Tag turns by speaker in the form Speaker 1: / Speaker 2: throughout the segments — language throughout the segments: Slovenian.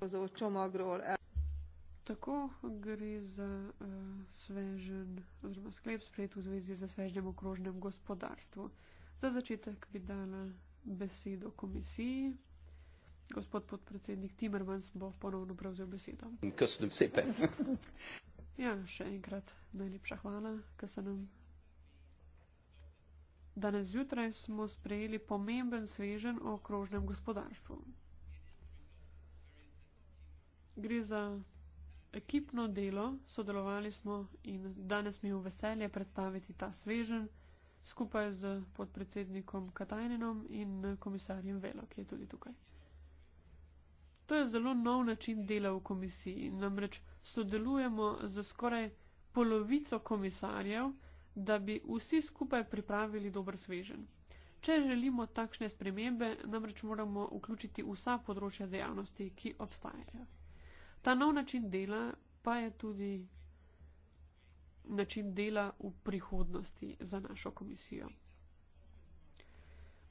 Speaker 1: hozó csomagról. El.
Speaker 2: Tako gre za uh, svežen oziroma sklepsprejt v zvezi za svežnem okrožnem gospodarstvu. Za začetek bi dala besedo komisiji. Gospod podpredsednik Timmermans bo ponovno prevzel besedo. Kasnem sepe. ja, še enkrat najlepša hvala, kar se nam. Danes zjutraj smo sprejeli pomemben svežen okrožnem gospodarstvu. Gre za ekipno delo, sodelovali smo in danes mi je v veselje predstaviti ta svežen skupaj z podpredsednikom Katajninom in komisarjem Velo, ki je tudi tukaj. To je zelo nov način dela v komisiji, namreč sodelujemo z skoraj polovico komisarjev, da bi vsi skupaj pripravili dober svežen. Če želimo takšne spremembe, namreč moramo vključiti vsa področja dejavnosti, ki obstajajo. Ta nov način dela pa je tudi način dela v prihodnosti za našo komisijo.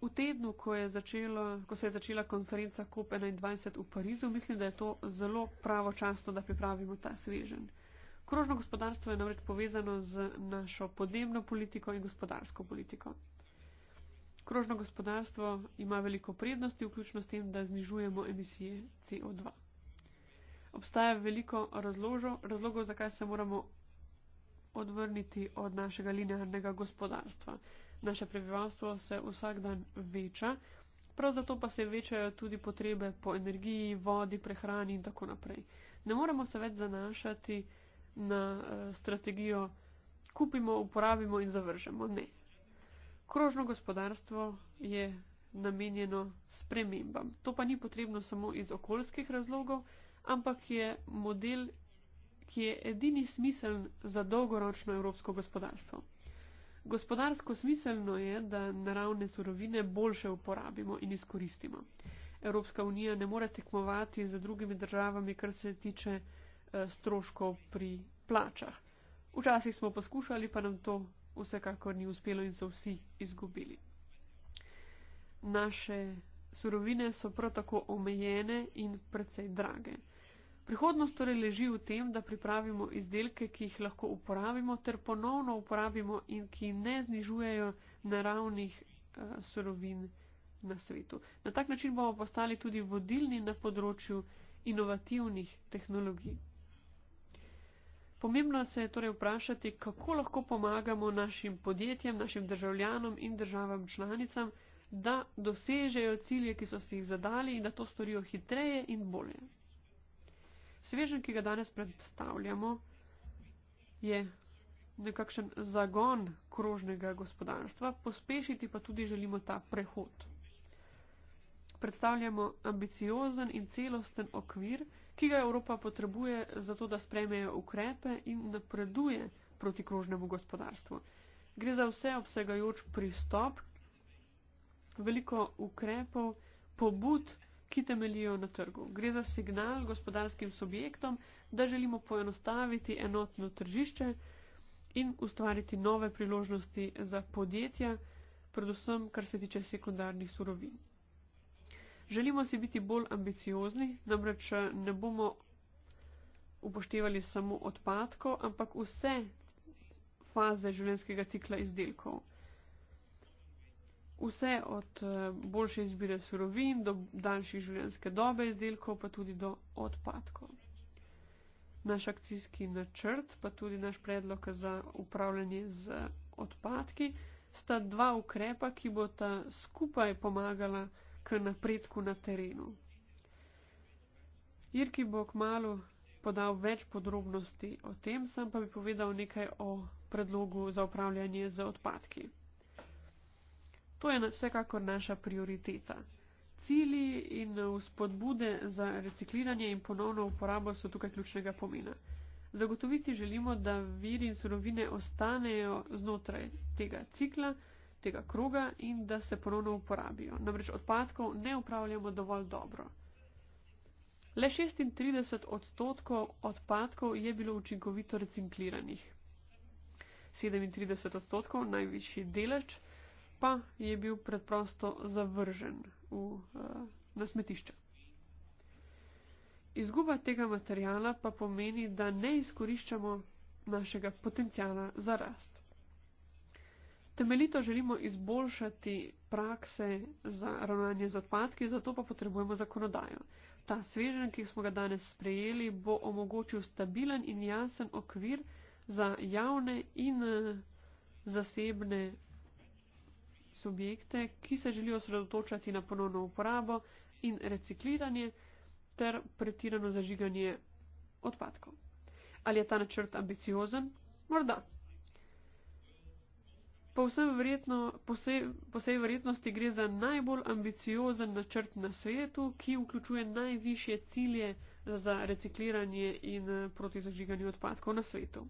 Speaker 2: V tednu, ko, je začelo, ko se je začela konferenca COP21 v Parizu, mislim, da je to zelo pravočasno, da pripravimo ta svežen. Krožno gospodarstvo je namreč povezano z našo podnebno politiko in gospodarsko politiko. Krožno gospodarstvo ima veliko prednosti, vključno s tem, da znižujemo emisije CO2 obstaja veliko razložo, razlogov, zakaj se moramo odvrniti od našega linearnega gospodarstva. Naše prebivalstvo se vsak dan veča, prav zato pa se večajo tudi potrebe po energiji, vodi, prehrani in tako naprej. Ne moremo se več zanašati na uh, strategijo kupimo, uporabimo in zavržemo. Ne. Krožno gospodarstvo je namenjeno spremembam. To pa ni potrebno samo iz okoljskih razlogov, ampak je model, ki je edini smiseln za dolgoročno evropsko gospodarstvo. Gospodarsko smiselno je, da naravne surovine boljše uporabimo in izkoristimo. Evropska unija ne more tekmovati z drugimi državami, kar se tiče eh, stroškov pri plačah. Včasih smo poskušali, pa nam to vsekakor ni uspelo in so vsi izgubili. Naše surovine so prav tako omejene in precej drage. Prihodnost torej leži v tem, da pripravimo izdelke, ki jih lahko uporabimo ter ponovno uporabimo in ki ne znižujejo naravnih uh, surovin na svetu. Na tak način bomo postali tudi vodilni na področju inovativnih tehnologij. Pomembno se je torej vprašati, kako lahko pomagamo našim podjetjem, našim državljanom in državam članicam, da dosežejo cilje, ki so si jih zadali in da to storijo hitreje in bolje. Svežen, ki ga danes predstavljamo, je nekakšen zagon krožnega gospodarstva, pospešiti pa tudi želimo ta prehod. Predstavljamo ambiciozen in celosten okvir, ki ga Evropa potrebuje za to, da spremejo ukrepe in napreduje proti krožnemu gospodarstvu. Gre za vse obsegajoč pristop, veliko ukrepov, pobud ki temeljijo na trgu. Gre za signal gospodarskim subjektom, da želimo poenostaviti enotno tržišče in ustvariti nove priložnosti za podjetja, predvsem kar se tiče sekundarnih surovin. Želimo si biti bolj ambiciozni, namreč ne bomo upoštevali samo odpadkov, ampak vse faze življenjskega cikla izdelkov. Vse od eh, boljše izbire surovin do daljše življenjske dobe izdelkov, pa tudi do odpadkov. Naš akcijski načrt, pa tudi naš predlog za upravljanje z odpadki, sta dva ukrepa, ki bota skupaj pomagala k napredku na terenu. Irki bo k malu podal več podrobnosti o tem, sem pa bi povedal nekaj o predlogu za upravljanje z odpadki. To je vsekakor naša prioriteta. Cili in eh, vzpodbude za recikliranje in ponovno uporabo so tukaj ključnega pomena. Zagotoviti želimo, da viri in surovine ostanejo znotraj tega cikla, tega kroga in da se ponovno uporabijo. Namreč odpadkov ne upravljamo dovolj dobro. Le 36 odstotkov odpadkov je bilo učinkovito recikliranih. 37 odstotkov, najvišji delež, pa je bil preprosto zavržen v, eh, na smetišče. Izguba tega materijala pa pomeni, da ne izkoriščamo našega potencijala za rast. Temeljito želimo izboljšati prakse za ravnanje z odpadki, zato pa potrebujemo zakonodajo. Ta svežen, ki smo ga danes sprejeli, bo omogočil stabilen in jasen okvir za javne in eh, zasebne subjekte, ki se želijo sredotočati na ponovno uporabo in recikliranje ter pretirano zažiganje odpadkov. Ali je ta načrt ambiciozen? Morda. Po vsej, verjetno, po, vsej, po vsej verjetnosti gre za najbolj ambiciozen načrt na svetu, ki vključuje najvišje cilje za recikliranje in eh, proti zažiganju odpadkov na svetu.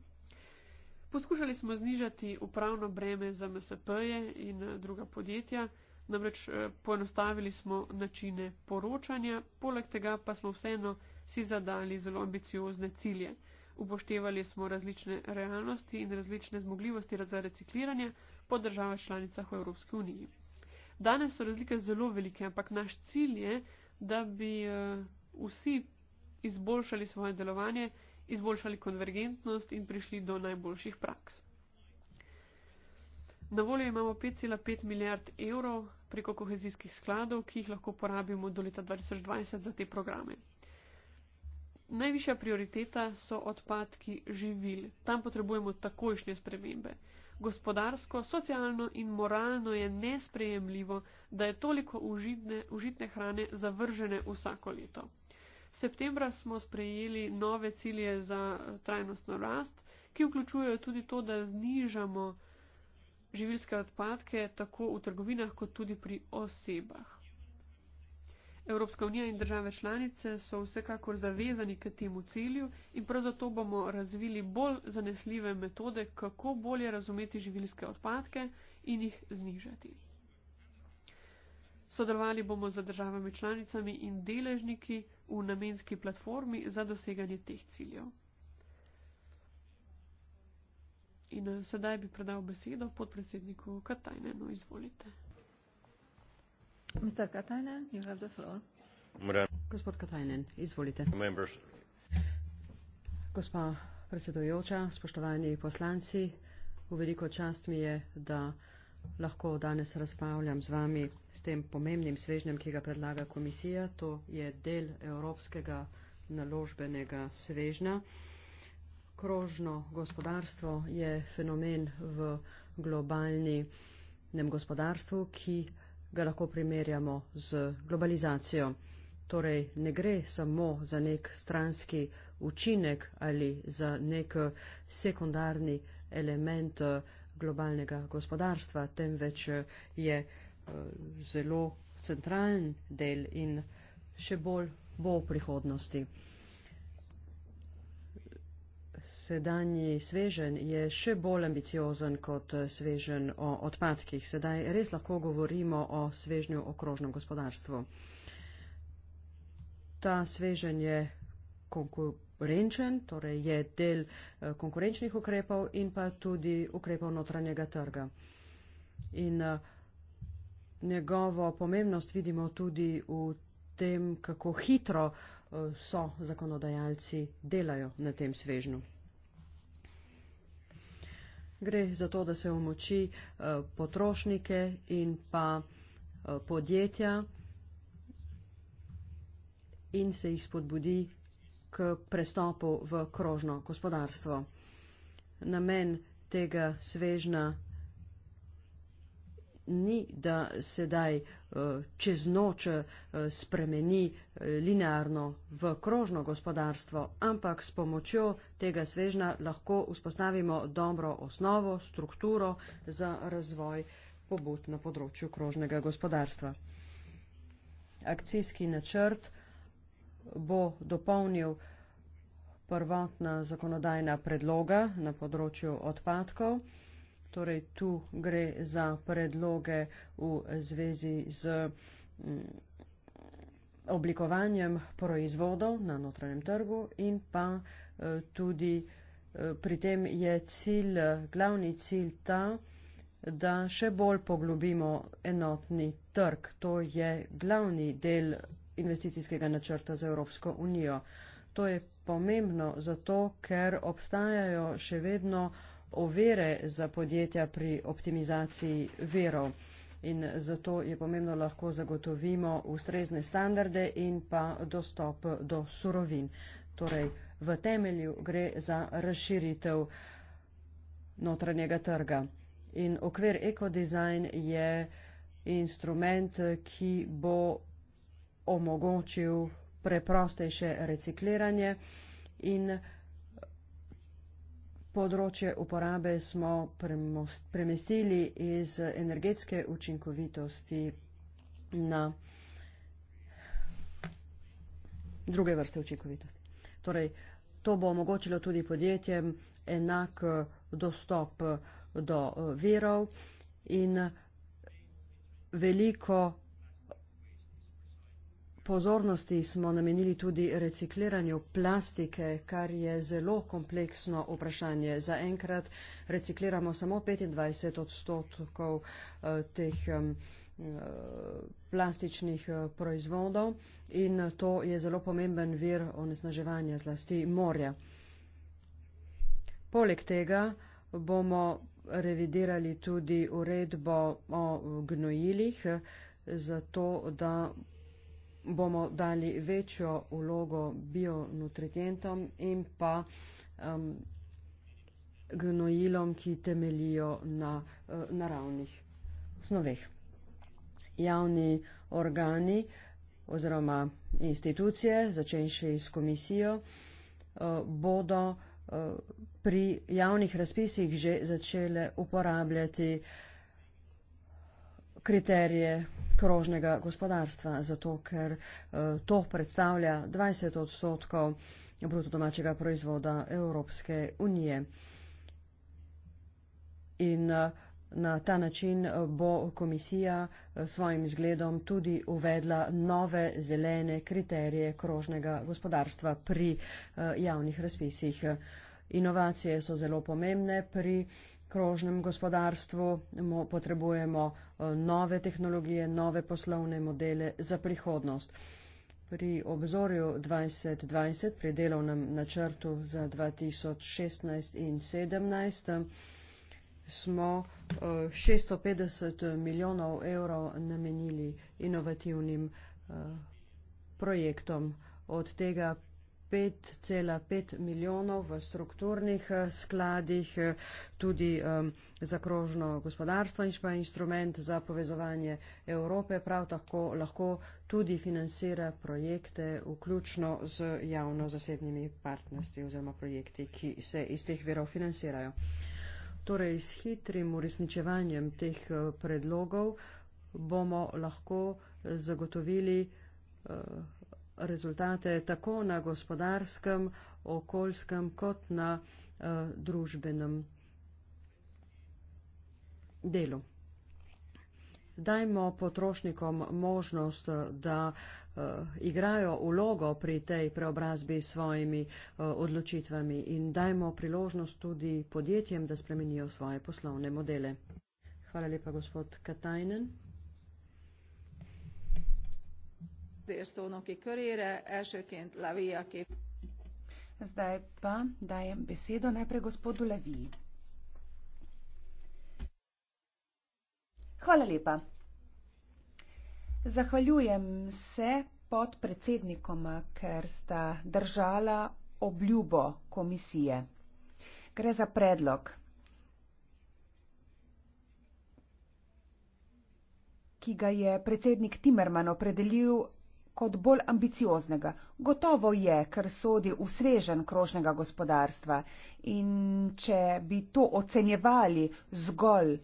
Speaker 2: Poskušali smo znižati upravno breme za MSP-je in eh, druga podjetja, namreč eh, poenostavili smo načine poročanja, poleg tega pa smo vseeno si zadali zelo ambiciozne cilje. Upoštevali smo različne realnosti in različne zmogljivosti za recikliranje po državah članicah v Evropski uniji. Danes so razlike zelo velike, ampak naš cilj je, da bi eh, vsi izboljšali svoje delovanje izboljšali konvergentnost in prišli do najboljših praks. Na voljo imamo 5,5 milijard evrov preko kohezijskih skladov, ki jih lahko porabimo do leta 2020 za te programe. Najvišja prioriteta so odpadki živil. Tam potrebujemo takojšnje spremembe. Gospodarsko, socialno in moralno je nesprejemljivo, da je toliko užitne, užitne hrane zavržene vsako leto. Septembra smo sprejeli nove cilje za eh, trajnostno rast, ki vključujejo tudi to, da znižamo živilske odpadke tako v trgovinah kot tudi pri osebah. Evropska unija in države članice so vsekakor zavezani k temu cilju in prav zato bomo razvili bolj zanesljive metode, kako bolje razumeti živilske odpadke in jih znižati. Sodelovali bomo z državami članicami in deležniki, v namenski platformi za doseganje teh ciljev. In eh, sedaj bi predal besedo podpredsedniku Katajnenu. Izvolite. Mr. Katajnen, you have the floor. Madame. Gospod
Speaker 3: Katajnen, izvolite. Members. Gospa predsedujoča, spoštovani poslanci, v veliko čast mi je, da lahko danes razpravljam z vami s tem pomembnim svežnjem, ki ga predlaga komisija. To je del evropskega naložbenega svežna. Krožno gospodarstvo je fenomen v globalnem gospodarstvu, ki ga lahko primerjamo z globalizacijo. Torej ne gre samo za nek stranski učinek ali za nek sekundarni element globalnega gospodarstva, temveč eh, je eh, zelo centralen del in še bolj bo v prihodnosti. Sedanji svežen je še bolj ambiciozen kot eh, svežen o odpadkih. Sedaj res lahko govorimo o svežnju okrožnem gospodarstvu. Ta svežen je renčen, torej je del eh, konkurenčnih ukrepov in pa tudi ukrepov notranjega trga. In eh, njegovo pomembnost vidimo tudi v tem, kako hitro eh, so zakonodajalci delajo na tem svežnu. Gre za to, da se omoči potrošnike in pa podjetja in se jih spodbudi, k prestopu v krožno gospodarstvo. Namen tega svežna ni, da sedaj eh, čez noč eh, spremeni eh, linearno v krožno gospodarstvo, ampak s pomočjo tega svežna lahko vzpostavimo dobro osnovo, strukturo za razvoj pobud na področju krožnega gospodarstva. Akcijski načrt 2021-2027 bo dopolnil prvotna zakonodajna predloga na področju odpadkov. Torej, tu gre za predloge v zvezi z mm, oblikovanjem proizvodov na notranjem trgu in pa eh, tudi eh, pri tem je cilj, glavni cilj ta, da še bolj poglobimo enotni trg. To je glavni del investicijskega načrta za Evropsko unijo. To je pomembno zato, ker obstajajo še vedno ovire za podjetja pri optimizaciji verov. In zato je pomembno lahko zagotovimo ustrezne standarde in pa dostop do surovin. Torej, v temelju gre za razširitev notranjega trga. In okvir ekodizajn je instrument, ki bo omogočil preprostejše recikliranje in področje uporabe smo premestili iz energetske učinkovitosti na druge vrste učinkovitosti. Torej, to bo omogočilo tudi podjetjem enak dostop do eh, virov in veliko pozornosti smo namenili tudi recikliranju plastike, kar je zelo kompleksno vprašanje. Za enkrat recikliramo samo 25 odstotkov eh, teh eh, plastičnih eh, proizvodov in to je zelo pomemben vir onesnaževanja zlasti morja. Poleg tega bomo revidirali tudi uredbo o gnojilih, zato da bomo dali večjo vlogo bionutritentom in pa um, gnojilom, ki temelijo na uh, naravnih snoveh. Javni organi oziroma institucije, začenši s komisijo, uh, bodo uh, pri javnih razpisih že začele uporabljati uh, kriterije krožnega gospodarstva, zato ker eh, to predstavlja 20 odstotkov brutodomačega proizvoda Evropske unije. In eh, na ta način eh, bo komisija svojim zgledom tudi uvedla nove zelene kriterije krožnega gospodarstva pri javnih razpisih. Inovacije so zelo pomembne pri uh, krožnem gospodarstvu potrebujemo eh, nove tehnologije, nove poslovne modele za prihodnost. Pri obzorju 2020, pri delovnem načrtu za 2016 in 2017, smo 650 eh, milijonov evrov namenili inovativnim eh, projektom, od tega 5,5 milijonov v strukturnih eh, skladih, eh, tudi um, za krožno gospodarstvo in pa instrument za povezovanje Evrope, prav tako lahko tudi financira projekte, vključno z javno-zasebnimi partnerstvi oziroma projekti, ki se iz teh virov financirajo. Torej, s hitrim uresničevanjem teh eh, predlogov bomo lahko zagotovili uh, rezultate tako na gospodarskem, okoljskem kot na uh, družbenem delu. Dajmo potrošnikom možnost, eh, da uh, igrajo ulogo pri tej preobrazbi s svojimi uh, odločitvami in dajmo priložnost tudi podjetjem, da spremenijo svoje poslovne modele. Hvala lepa, gospod
Speaker 4: Katajnen. szónoki körére. Elsőként Levi, aki... Zdaj pa dajem besedo najprej gospodu Levi. Hvala lepa. Zahvaljujem se pod predsednikoma, ker sta držala obljubo komisije. Gre za predlog. ki ga je predsednik Timerman opredelil kot bolj ambicioznega. Gotovo je, ker sodi v svežen krožnega gospodarstva in če bi to ocenjevali zgolj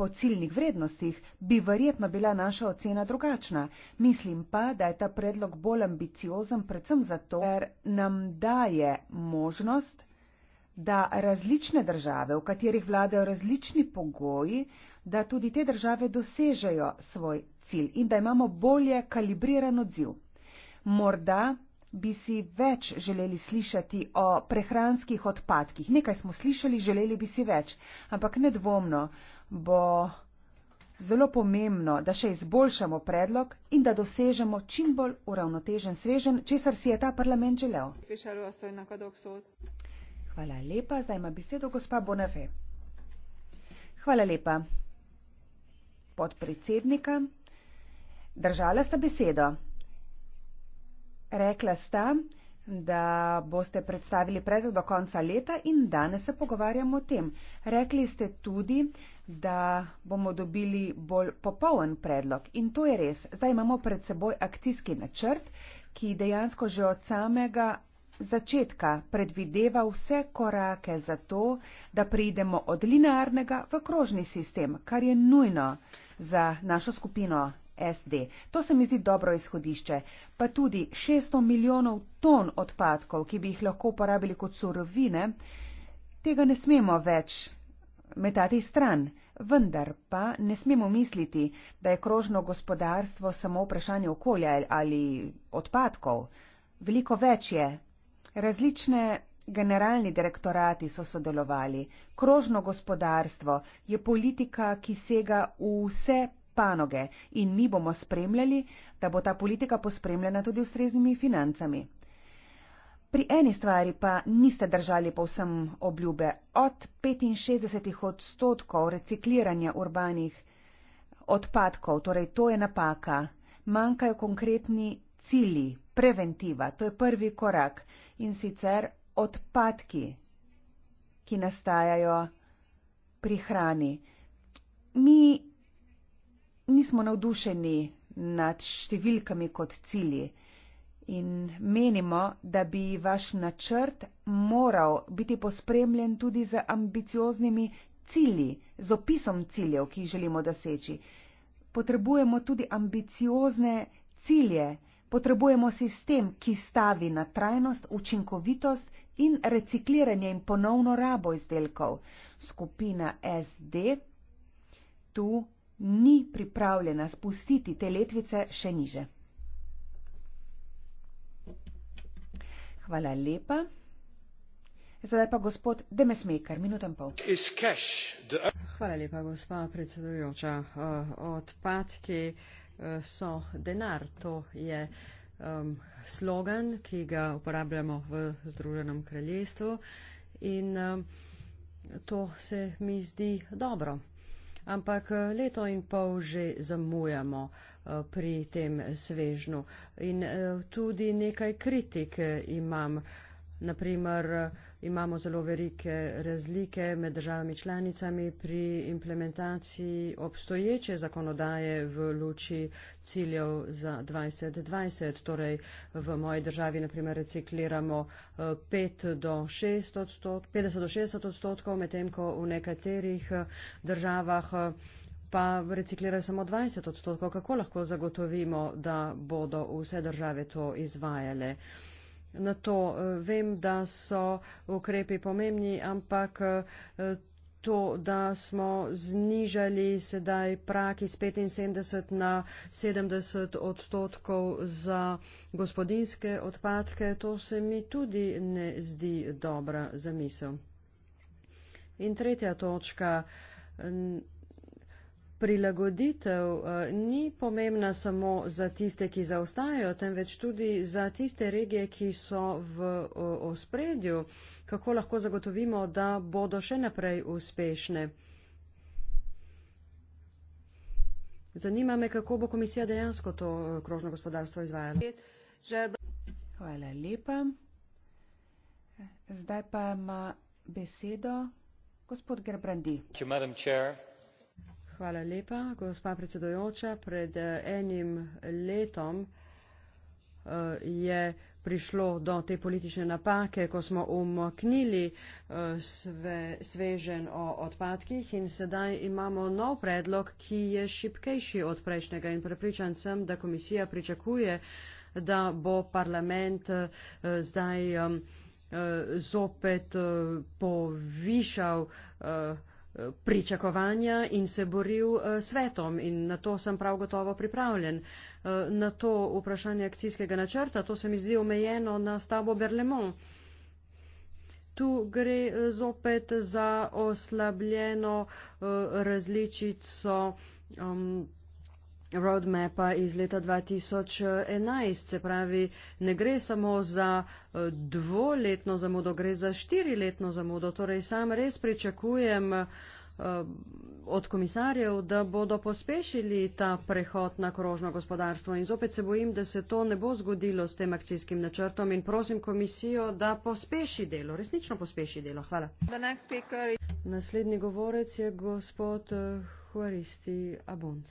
Speaker 4: po ciljnih vrednostih, bi verjetno bila naša ocena drugačna. Mislim pa, da je ta predlog bolj ambiciozen predvsem zato, ker nam daje možnost, da različne države, v katerih vladajo različni pogoji, da tudi te države dosežejo svoj cilj in da imamo bolje kalibriran odziv. Morda bi si več želeli slišati o prehranskih odpadkih. Nekaj smo slišali, želeli bi si več, ampak nedvomno bo zelo pomembno, da še izboljšamo predlog in da dosežemo čim bolj uravnotežen svežen, česar si je ta parlament želel. Hvala lepa, zdaj ima besedo gospa Bonafe. Hvala lepa podpredsednika. Držala sta besedo. Rekla sta, da boste predstavili predlog do konca leta in danes se pogovarjamo o tem. Rekli ste tudi, da bomo dobili bolj popoln predlog in to je res. Zdaj imamo pred seboj akcijski načrt, ki dejansko že od samega začetka predvideva vse korake za to, da pridemo od linearnega v krožni sistem, kar je nujno za našo skupino SD. To se mi zdi dobro izhodišče, pa tudi 600 milijonov ton odpadkov, ki bi jih lahko uporabili kot surovine, tega ne smemo več metati stran. Vendar pa ne smemo misliti, da je krožno gospodarstvo samo vprašanje okolja ali odpadkov. Veliko več je. Različne Generalni direktorati so sodelovali, krožno gospodarstvo je politika, ki sega v vse panoge in mi bomo spremljali, da bo ta politika pospremljena tudi ustreznimi financami. Pri eni stvari pa niste držali povsem obljube od 65 odstotkov recikliranja urbanih odpadkov, torej to je napaka, manjkajo konkretni cilji, preventiva, to je prvi korak in sicer odpadki, ki nastajajo pri hrani. Mi nismo navdušeni nad številkami kot cilji in menimo, da bi vaš načrt moral biti pospremljen tudi z ambicioznimi cilji, z opisom ciljev, ki jih želimo doseči. Potrebujemo tudi ambiciozne cilje, potrebujemo sistem, ki stavi na trajnost, učinkovitost in recikliranje in ponovno rabo izdelkov. Skupina SD tu ni pripravljena spustiti te letvice še niže. Hvala lepa. Zdaj pa gospod Demesmejkar, minuto in pol. Hvala lepa, gospa predsedujoča. Eh,
Speaker 3: odpadki eh, so denar, to je um, slogan, ki ga uporabljamo v Združenem kraljestvu in um, to se mi zdi dobro. Ampak uh, leto in pol že zamujamo uh, pri tem svežnu. In uh, tudi nekaj kritik imam, Naprimer, imamo zelo velike razlike med državami članicami pri implementaciji obstoječe zakonodaje v luči ciljev za 2020. Torej, v moji državi naprimer, recikliramo 5 eh, do 6 odstotkov, 50 do 60 odstotkov, medtem ko v nekaterih eh, državah eh, pa reciklirajo samo 20 odstotkov. Kako lahko zagotovimo, da bodo vse države to izvajale? na to. Eh, vem, da so ukrepi pomembni, ampak eh, to, da smo znižali sedaj prak iz 75 na 70 odstotkov za gospodinske odpadke, to se mi tudi ne zdi dobra zamisel. In tretja točka prilagoditev eh, ni pomembna samo za tiste, ki zaostajajo, temveč tudi za tiste regije, ki so v ospredju. Kako lahko zagotovimo, da bodo še naprej uspešne? Zanima me, kako bo komisija dejansko to eh, krožno gospodarstvo izvajala.
Speaker 4: Hvala lepa. Zdaj pa ima besedo gospod Gerbrandi.
Speaker 1: Hvala lepa, gospod Gerbrandi.
Speaker 4: Hvala lepa, gospa
Speaker 3: predsedojoča. Pred eh, enim letom eh, je prišlo do te politične napake, ko smo umaknili eh, sve, svežen o odpadkih in sedaj imamo nov predlog, ki je šipkejši od prejšnjega in prepričan sem, da komisija pričakuje, da bo parlament zdaj zopet povišal pričakovanja in se boril eh, svetom in na to sem prav gotovo pripravljen. Eh, na to vprašanje akcijskega načrta, to se mi zdi omejeno na stavbo Berlemont. Tu gre eh, zopet za oslabljeno različico. Um, roadmapa iz leta 2011. Se pravi, ne gre samo za eh, dvoletno zamudo, gre za štiriletno zamudo. Torej, sam res pričakujem eh, od komisarjev, da bodo pospešili ta prehod na krožno gospodarstvo. In zopet se bojim, da se to ne bo zgodilo s tem akcijskim načrtom in prosim komisijo, da pospeši delo, resnično pospeši delo. Hvala. Naslednji govorec je gospod eh, Huaristi Abonc.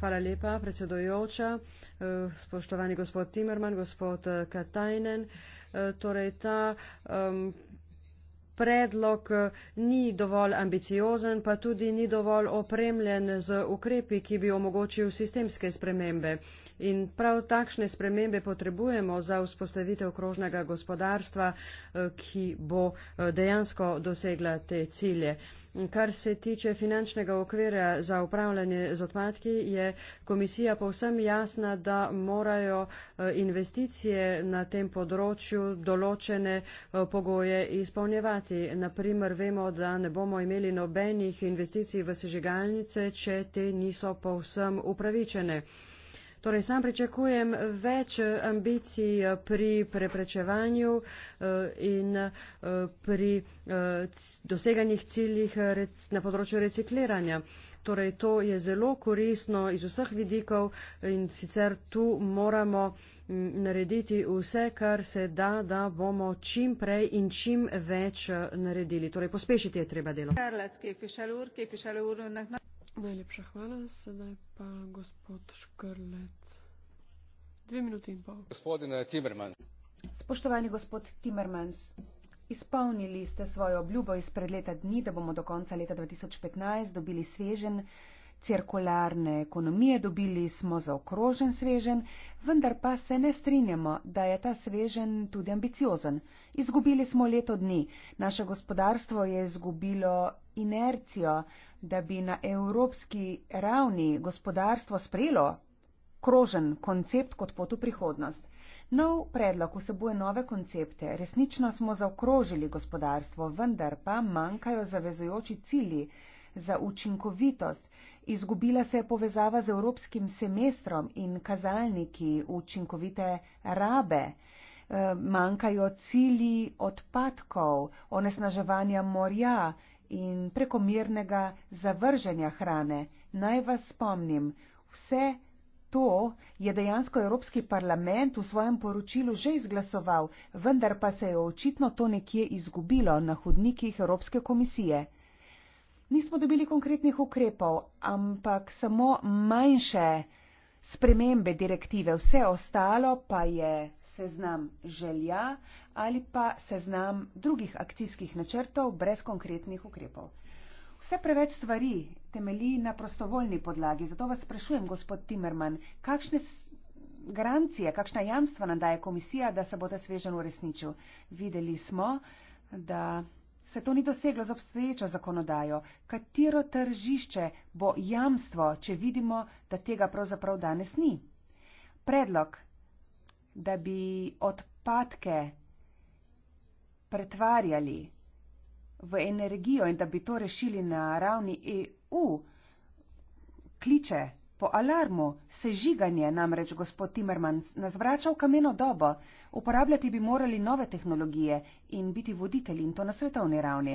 Speaker 3: Hvala lepa, predsedojoča, eh, spoštovani gospod Timerman, gospod eh, Katajnen. Eh, torej, ta um, predlog ni dovolj ambiciozen, pa tudi ni dovolj opremljen z ukrepi, ki bi omogočil sistemske spremembe. In prav takšne spremembe potrebujemo za vzpostavitev krožnega gospodarstva, ki bo dejansko dosegla te cilje. Kar se tiče finančnega okvira za upravljanje z odpadki, je komisija povsem jasna, da morajo eh, investicije na tem področju določene eh, pogoje izpolnjevati. Naprimer, vemo, da ne bomo imeli nobenih investicij v sežigalnice, če te niso povsem upravičene. Torej, sam pričakujem več eh, ambicij eh, pri preprečevanju eh, in pri doseganjih ciljih na področju recikliranja. Torej, to je zelo korisno iz vseh vidikov in sicer tu moramo mm, narediti vse, kar se da, da bomo čim prej in čim več naredili. Torej, pospešiti je
Speaker 2: treba delo. Najlepša hvala.
Speaker 4: Sedaj pa gospod Škrlec. Dve minuti in pol.
Speaker 2: Gospodin
Speaker 3: Timmermans.
Speaker 4: Spoštovani gospod Timmermans, izpolnili ste svojo obljubo izpred leta dni, da bomo do konca leta 2015 dobili svežen cirkularne ekonomije dobili smo za okrožen svežen, vendar pa se ne strinjamo, da je ta svežen tudi ambiciozen. Izgubili smo leto dni, naše gospodarstvo je izgubilo inercijo, da bi na evropski ravni gospodarstvo sprejelo krožen koncept kot pot v prihodnost. Nov predlog vsebuje nove koncepte, resnično smo zaokrožili gospodarstvo, vendar pa manjkajo zavezojoči cilji, za učinkovitost, izgubila se je povezava z evropskim semestrom in kazalniki učinkovite rabe, eh, manjkajo cili odpadkov, onesnaževanja morja in prekomernega zavrženja hrane. Naj vas spomnim, vse to je dejansko Evropski parlament v svojem poročilu že izglasoval, vendar pa se je očitno to nekje izgubilo na hodnikih Evropske komisije nismo dobili konkretnih ukrepov, ampak samo manjše spremembe direktive. Vse ostalo pa je seznam želja ali pa seznam drugih akcijskih načrtov brez konkretnih ukrepov. Vse preveč stvari temelji na prostovoljni podlagi, zato vas sprašujem, gospod Timerman, kakšne garancije, kakšna jamstva nam daje komisija, da se bo ta svežen uresničil. Videli smo, da se to ni doseglo z obstoječo zakonodajo, katero tržišče bo jamstvo, če vidimo, da tega pravzaprav danes ni. Predlog, da bi odpadke pretvarjali v energijo in da bi to rešili na ravni EU, kliče Po alarmu, sežiganje namreč gospod Timmermans nas vrača v kameno dobo, uporabljati bi morali nove tehnologije in biti voditelji in to na svetovni ravni.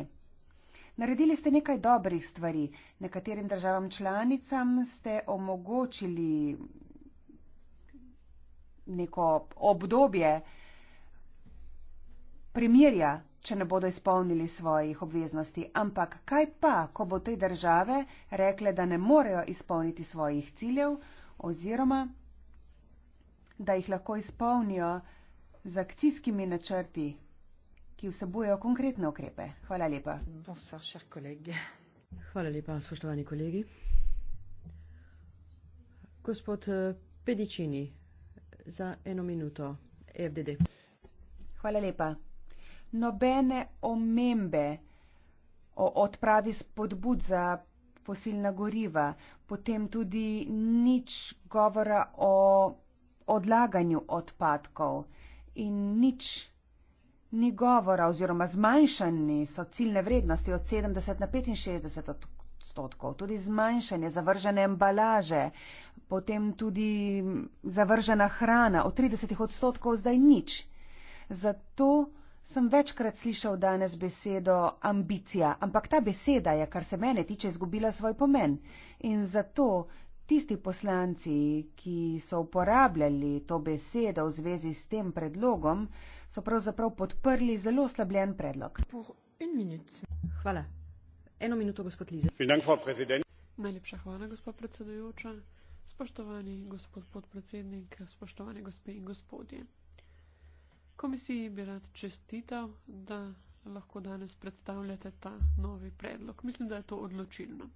Speaker 4: Naredili ste nekaj dobrih stvari, nekaterim državam članicam ste omogočili neko obdobje premirja, če ne bodo izpolnili svojih obveznosti. Ampak kaj pa, ko bo te države rekle, da ne morejo izpolniti svojih ciljev oziroma da jih lahko izpolnijo z akcijskimi načrti, ki vsebujejo konkretne ukrepe. Hvala lepa. Bonsoir,
Speaker 3: Hvala lepa, spoštovani kolegi. Gospod eh, Pedičini, za eno minuto,
Speaker 4: FDD. Hvala lepa nobene omembe o odpravi spodbud za fosilna goriva, potem tudi nič govora o odlaganju odpadkov in nič ni govora oziroma zmanjšani so ciljne vrednosti od 70 na 65 odstotkov, tudi zmanjšanje zavržene embalaže, potem tudi zavržena hrana od 30 odstotkov zdaj nič. Zato sem večkrat slišal danes besedo ambicija, ampak ta beseda je, kar se mene tiče, izgubila svoj pomen. In zato tisti poslanci, ki so uporabljali to besedo v zvezi s tem predlogom, so pravzaprav podprli zelo slabljen predlog. Hvala. Eno minuto, gospod Lize. Najlepša hvala, gospod
Speaker 2: predsedujoča. Spoštovani gospod podpredsednik, spoštovane gospe in gospodje. Komisiji bi rad čestital, da lahko danes predstavljate ta novi predlog. Mislim, da je to odločilno.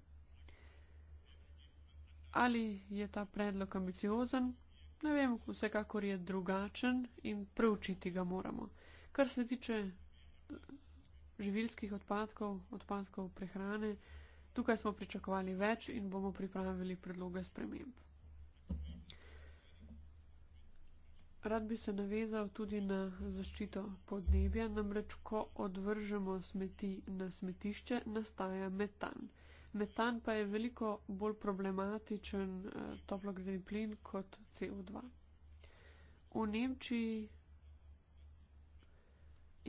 Speaker 2: Ali je ta predlog ambiciozen? Ne vem, vsekakor je drugačen in preučiti ga moramo. Kar se tiče eh, živilskih odpadkov, odpadkov prehrane, tukaj smo pričakovali več in bomo pripravili predloge sprememb. Rad bi se navezal tudi na zaščito podnebja, namreč ko odvržemo smeti na smetišče, nastaja metan. Metan pa je veliko bolj problematičen eh, toplogredni plin kot CO2. V Nemčiji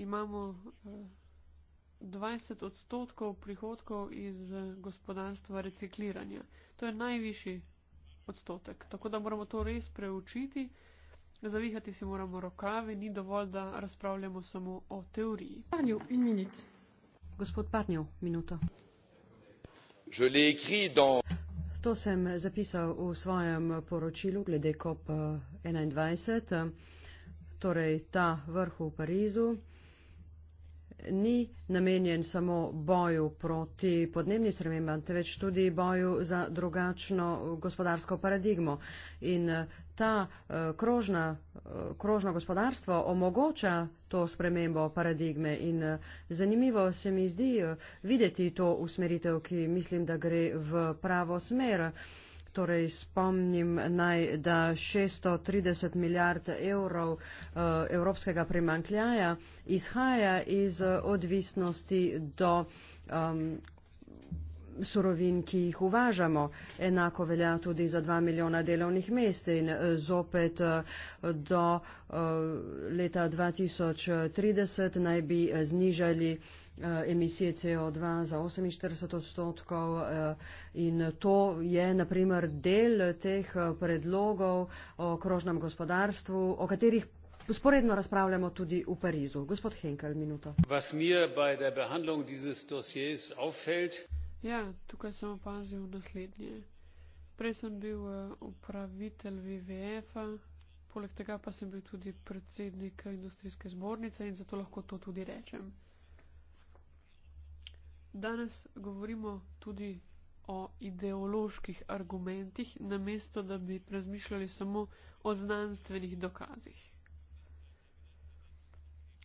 Speaker 2: imamo 20 eh, odstotkov prihodkov iz eh, gospodarstva recikliranja. To je najvišji odstotek, tako da moramo to res preučiti. Zavihati si moramo rokave, ni dovolj, da razpravljamo samo o teoriji. Parnjo in minut.
Speaker 3: Gospod Parnjo, minuto. Je l'ai écrit dans. To sem zapisal v svojem poročilu glede COP21, eh, eh, torej ta vrh v Parizu ni namenjen samo boju proti podnebnim spremembam, temveč tudi boju za drugačno eh, gospodarsko paradigmo. In eh, ta eh, krožna, krožno gospodarstvo omogoča to spremembo paradigme in zanimivo se mi zdi videti to usmeritev, ki mislim, da gre v pravo smer. Torej spomnim naj, da 630 milijard evrov eh, evropskega primankljaja izhaja iz eh, odvisnosti do um, surovin, ki jih uvažamo. Enako velja tudi za 2 milijona delovnih mest in eh, zopet do uh, leta 2030 naj bi znižali uh, Eh, emisije CO2 za 48 odstotkov eh, in to je naprimer del teh eh, predlogov o krožnem gospodarstvu, o katerih sporedno razpravljamo tudi v Parizu. Gospod Henkel, minuto.
Speaker 1: Was mir bei der behandlung dieses dossiers auffällt.
Speaker 2: Ja, tukaj sem opazil naslednje. Prej sem bil upravitelj WWF-a, poleg tega pa sem bil tudi predsednik industrijske zbornice in zato lahko to tudi rečem. Danes govorimo tudi o ideoloških argumentih, namesto da bi razmišljali samo o znanstvenih dokazih.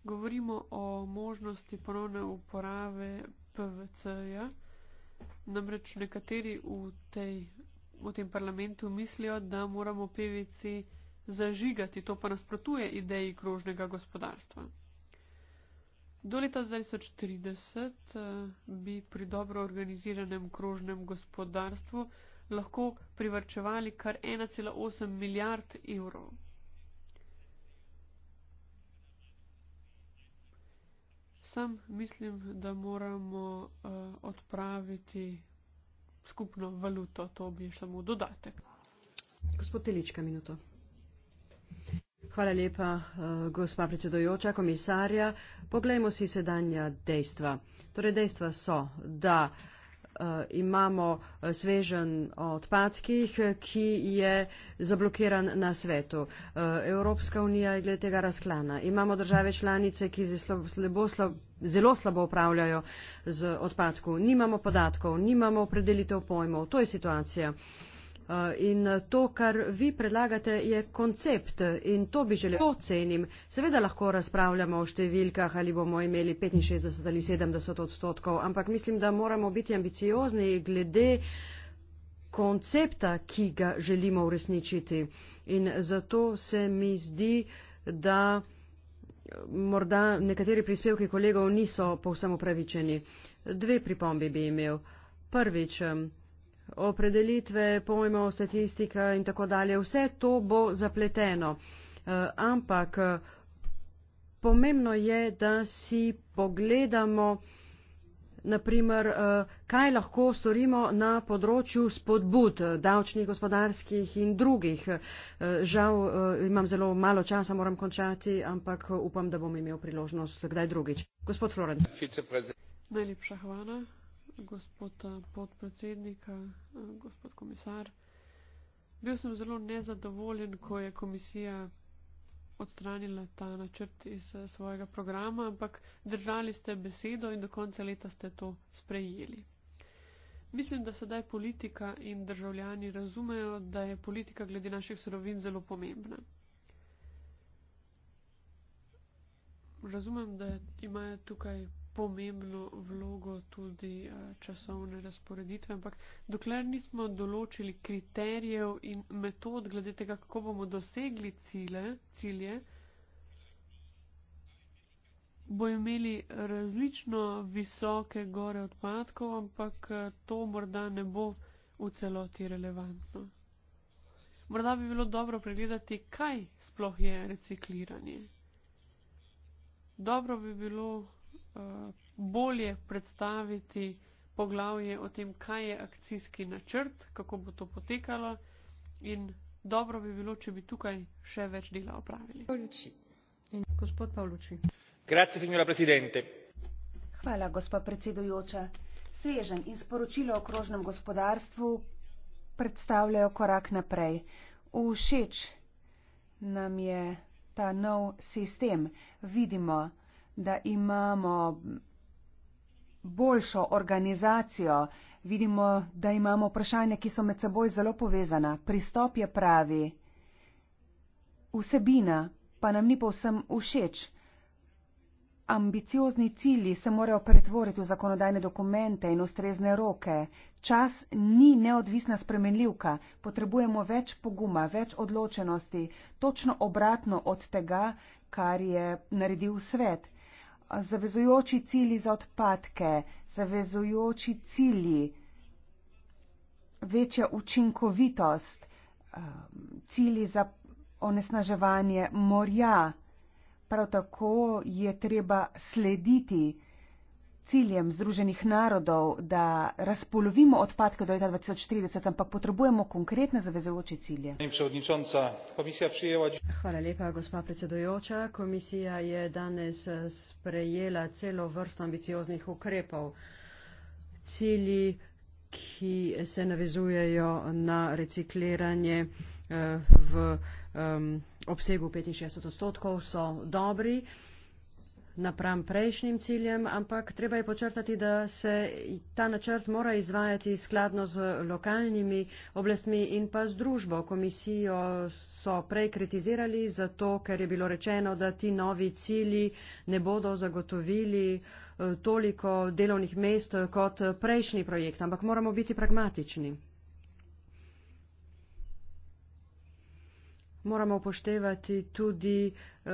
Speaker 2: Govorimo o možnosti ponovne uporabe PVC-ja, namreč nekateri v, tej, v tem parlamentu mislijo, da moramo PVC zažigati, to pa nasprotuje ideji krožnega gospodarstva. Do leta 2030 eh, bi pri dobro organiziranem krožnem gospodarstvu lahko privrčevali kar 1,8 milijard evrov. Sam mislim, da moramo uh, odpraviti skupno valuto, to bi samo dodatek.
Speaker 3: Gospod Telička, minuto. Hvala lepa, eh, gospa predsedojoča, komisarja. Poglejmo si sedanja dejstva. Torej, dejstva so, da eh, imamo eh, svežen odpadkih, ki je zablokiran na svetu. Evropska unija je glede tega razklana. Imamo države članice, ki slabo, slabo, zelo slabo upravljajo z odpadkom. Nimamo podatkov, nimamo predelitev pojmov. To je situacija. Eh, in eh, to, kar vi predlagate, je koncept in to bi želel. To cenim. Seveda lahko razpravljamo o številkah, ali bomo imeli 65 ali 70 odstotkov, ampak mislim, da moramo biti ambiciozni glede koncepta, ki ga želimo uresničiti. In zato se mi zdi, da eh, morda nekateri prispevki kolegov niso povsem upravičeni. Dve pripombi bi imel. Prvič, opredelitve pojmov, statistika in tako dalje. Vse to bo zapleteno. Eh, ampak eh, pomembno je, da si pogledamo, naprimer, eh, kaj lahko storimo na področju spodbud davčnih, gospodarskih in drugih. Žal imam zelo malo časa, moram končati, ampak upam, da bom imel priložnost kdaj drugič. Gospod Florence.
Speaker 2: Najlepša hvala gospod eh, podpredsednika, eh, gospod komisar. Bil sem zelo nezadovoljen, ko je komisija odstranila ta načrt iz eh, svojega programa, ampak držali ste besedo in do konca leta ste to sprejeli. Mislim, da sedaj politika in državljani razumejo, da je politika glede naših surovin zelo pomembna. Razumem, da imajo tukaj pomembno vlogo tudi eh, časovne razporeditve, ampak dokler nismo določili kriterijev in metod glede tega, kako bomo dosegli cilje, cilje bo imeli različno visoke gore odpadkov, ampak eh, to morda ne bo v celoti relevantno. Morda bi bilo dobro pregledati, kaj sploh je recikliranje. Dobro bi bilo Eh, bolje predstaviti poglavje o tem, kaj je akcijski načrt, kako bo to potekalo in dobro bi bilo, če bi tukaj še več dela opravili.
Speaker 4: Gospod Pavluči.
Speaker 1: Grazie, signora Presidente.
Speaker 4: Hvala, gospa predsedujoča. Svežen in sporočilo o krožnem gospodarstvu predstavljajo korak naprej. Všeč nam je ta nov sistem. Vidimo, da imamo boljšo organizacijo, vidimo, da imamo vprašanja, ki so med seboj zelo povezana. Pristop je pravi, vsebina pa nam ni povsem všeč. Ambiciozni cilji se morajo pretvoriti v zakonodajne dokumente in ustrezne roke. Čas ni neodvisna spremenljivka, potrebujemo več poguma, več odločenosti, točno obratno od tega, kar je naredil svet zavezujoči cilji za odpadke, zavezujoči cilji, večja učinkovitost, um, cilji za onesnaževanje morja. Prav tako je treba slediti ciljem Združenih narodov, da razpolovimo odpadke do leta 2030, ampak potrebujemo konkretne zavezujoče cilje. Hvala lepa, gospa predsedujoča.
Speaker 3: Komisija je danes e, sprejela celo vrsto ambicioznih ukrepov. Cilji, ki se navezujejo na recikliranje e, v um, obsegu 65 odstotkov, so dobri napram prejšnjim ciljem, ampak treba je počrtati, da se ta načrt mora izvajati skladno z lokalnimi oblastmi in pa z družbo. Komisijo so prej kritizirali zato, ker je bilo rečeno, da ti novi cilji ne bodo zagotovili eh, toliko delovnih mest kot prejšnji projekt, ampak moramo biti pragmatični. Moramo upoštevati tudi uh,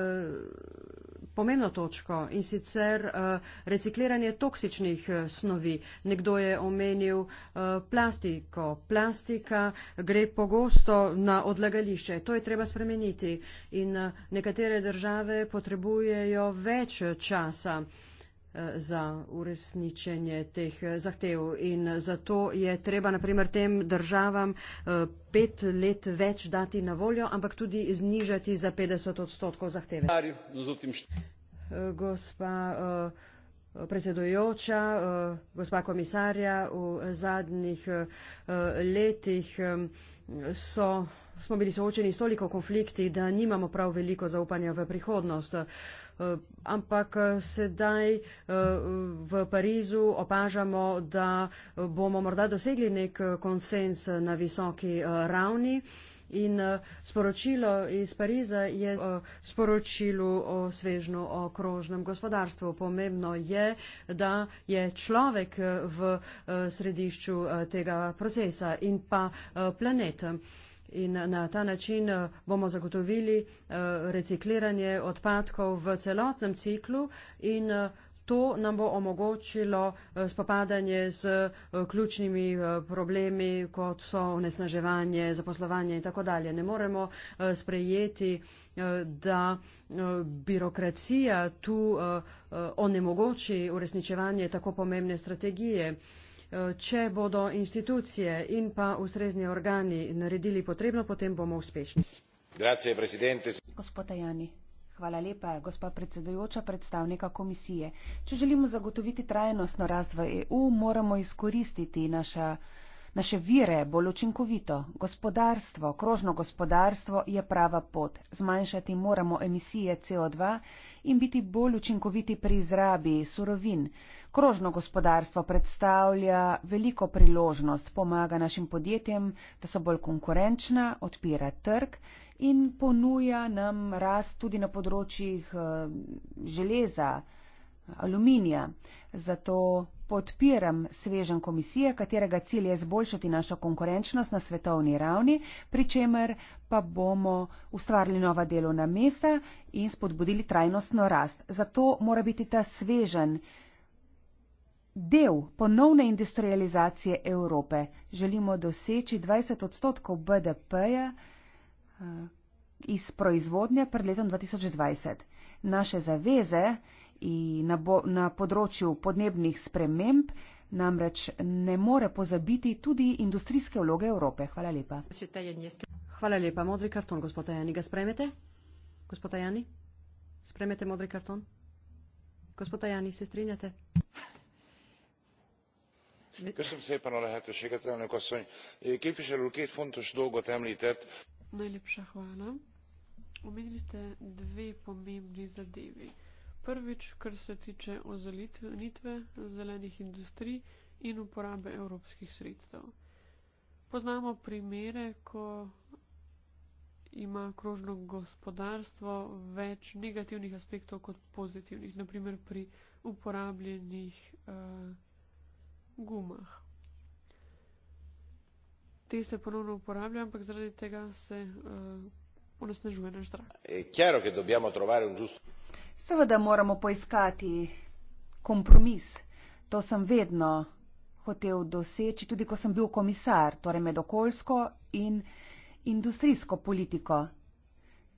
Speaker 3: pomembno točko in sicer eh, recikliranje toksičnih eh, snovi. Nekdo je omenil eh, plastiko. Plastika gre pogosto na odlagališče. To je treba spremeniti in nekatere države potrebujejo več časa za uresničenje teh eh, zahtev. In zato je treba naprimer tem državam eh, pet let več dati na voljo, ampak tudi znižati za 50 odstotkov zahteve.
Speaker 1: Eh,
Speaker 3: gospa predsedujoča, gospa komisarja, v zadnjih letih so, smo bili soočeni s toliko konflikti, da nimamo prav veliko zaupanja v prihodnost. Eh, ampak eh, sedaj eh, v Parizu opažamo, da bomo morda dosegli nek konsens na visoki ravni. In sporočilo iz Pariza je sporočilo o svežnu o krožnem gospodarstvu. Pomembno je, da je človek v središču tega procesa in pa planet in na ta način eh, bomo zagotovili eh, recikliranje odpadkov v celotnem ciklu in eh, to nam bo omogočilo spopadanje z ključnimi problemi, kot so onesnaževanje, zaposlovanje in tako dalje. Ne moremo sprejeti, da birokracija tu onemogoči uresničevanje tako pomembne strategije če bodo institucije in pa ustrezni organi
Speaker 4: naredili potrebno, potem bomo uspešni. Gospod Tajani. Hvala lepa, gospa predsedujoča, predstavnika komisije. Če želimo zagotoviti trajnostno rast v EU, moramo izkoristiti naša. Naše vire bolj učinkovito, gospodarstvo, krožno gospodarstvo je prava pot. Zmanjšati moramo emisije CO2 in biti bolj učinkoviti pri izrabi surovin. Krožno gospodarstvo predstavlja veliko priložnost, pomaga našim podjetjem, da so bolj konkurenčna, odpira trg in ponuja nam rast tudi na področjih eh, železa, aluminija. Zato Podpiram svežen komisije, katerega cilj je zboljšati našo konkurenčnost na svetovni ravni, pri čemer pa bomo ustvarili nova delovna mesta in spodbudili trajnostno rast. Zato mora biti ta svežen del ponovne industrializacije Evrope. Želimo doseči 20 odstotkov BDP-ja eh, iz proizvodnje pred letom 2020. Naše zaveze in na, bo, na področju podnebnih sprememb namreč ne more pozabiti tudi industrijske vloge Evrope. Hvala lepa. Hvala lepa. Modri karton, gospod Tajani, ga spremete? Gospod Tajani,
Speaker 3: spremete modri karton? Gospod Tajani, se strinjate?
Speaker 1: Köszönöm szépen a lehetőséget, elnök asszony. Képviselő úr, két fontos dolgot említett.
Speaker 2: Nagy lépse hálam. Omenilite dve pomembni zadévi. Prvič, kar se tiče ozelitve zelenih industrij in uporabe evropskih sredstev. Poznamo primere, ko ima krožno gospodarstvo več negativnih aspektov kot pozitivnih, naprimer pri uporabljenih uh, gumah. Te se ponovno uporabljajo, ampak zaradi tega se uh, onesnažuje naš zrak.
Speaker 4: Seveda moramo poiskati kompromis. To sem vedno hotel doseči, tudi ko sem bil komisar, torej med okoljsko in industrijsko politiko.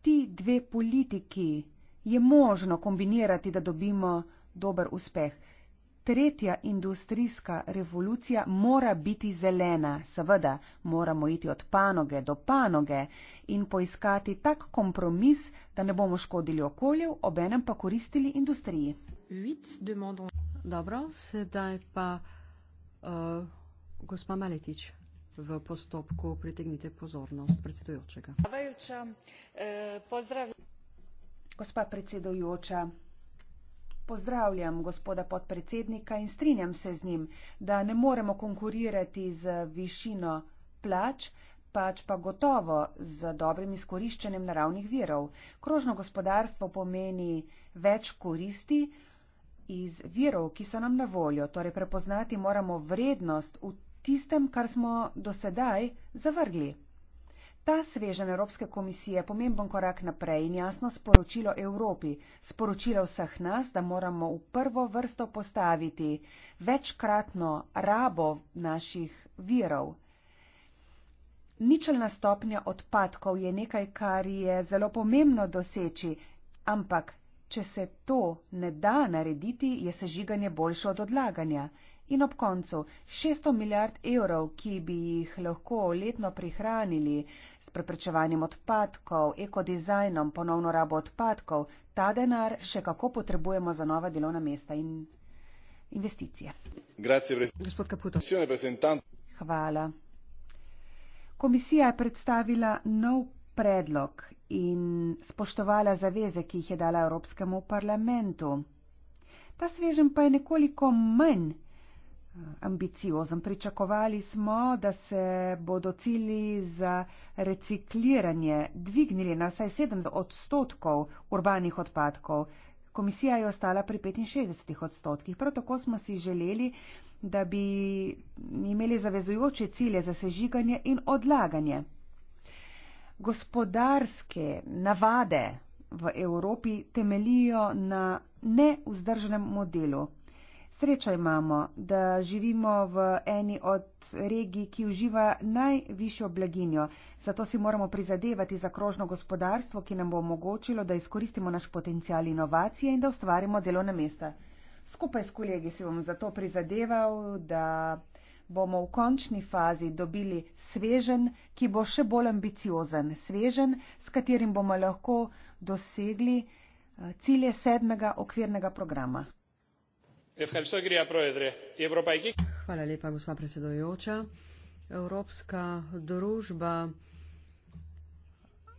Speaker 4: Ti dve politiki je možno kombinirati, da dobimo dober uspeh. Tretja industrijska revolucija mora biti zelena, seveda moramo iti od panoge do panoge in poiskati tak kompromis, da ne bomo škodili okolju, obenem pa koristili industriji. Dobro, sedaj
Speaker 3: pa uh, gospa Maletič v postopku pritegnite pozornost predsedujočega.
Speaker 4: Eh, gospa predsedujoča, pozdravljam gospoda podpredsednika in strinjam se z njim, da ne moremo konkurirati z višino plač, pač pa gotovo z dobrim izkoriščenjem naravnih virov. Krožno gospodarstvo pomeni več koristi iz virov, ki so nam na voljo, torej prepoznati moramo vrednost v tistem, kar smo dosedaj zavrgli. Ta sveženj Evropske komisije je pomemben korak naprej in jasno sporočilo Evropi, sporočilo vseh nas, da moramo v prvo vrsto postaviti večkratno rabo naših virov. Ničelna stopnja odpadkov je nekaj, kar je zelo pomembno doseči, ampak če se to ne da narediti, je sežiganje boljše od odlaganja in ob koncu 600 milijard evrov, ki bi jih lahko letno prihranili s preprečevanjem odpadkov, ekodizajnom, ponovno rabo odpadkov, ta denar še kako potrebujemo za nova delovna mesta in investicije. Hvala. Komisija je predstavila nov predlog in spoštovala zaveze, ki jih je dala Evropskemu parlamentu. Ta svežen pa je nekoliko manj ambiciozen. Pričakovali smo, da se bodo cili za recikliranje dvignili na vsaj 7 odstotkov urbanih odpadkov. Komisija je ostala pri 65 odstotkih. Prav tako smo si želeli, da bi imeli zavezujoče cilje za sežiganje in odlaganje. Gospodarske navade v Evropi temelijo na neuzdržnem modelu. Srečo imamo, da živimo v eni od regij, ki uživa najvišjo blaginjo, zato si moramo prizadevati za krožno gospodarstvo, ki nam bo omogočilo, da izkoristimo naš potencial inovacije in da ustvarimo delovna mesta. Skupaj s kolegi si bom zato prizadeval, da bomo v končni fazi dobili svežen, ki bo še bolj ambiciozen, svežen, s katerim bomo lahko dosegli eh, cilje sedmega okvirnega programa. Hvala lepa, gospa predsedojoča. Evropska družba
Speaker 3: eh,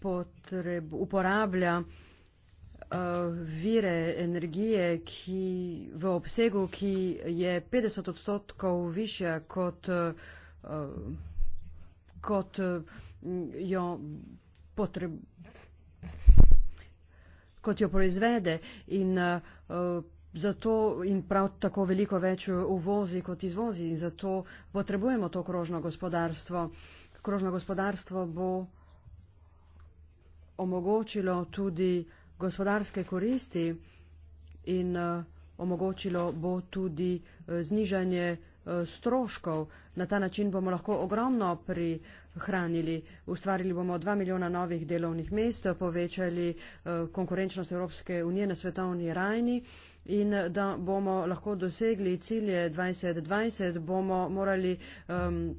Speaker 3: potreb, uporablja eh, vire energije, ki v obsegu, ki je 50 odstotkov više kot, eh, kot mm, jo potreb kot jo proizvede in uh, Zato in prav tako veliko več uvozi kot izvozi in zato potrebujemo to krožno gospodarstvo. Krožno gospodarstvo bo omogočilo tudi gospodarske koristi in eh, omogočilo bo tudi eh, znižanje eh, stroškov. Na ta način bomo lahko ogromno prihranili. Ustvarili bomo 2 milijona novih delovnih mest, povečali konkurenčnost Evropske unije na svetovni rajni in da bomo lahko dosegli cilje 2020, bomo morali um,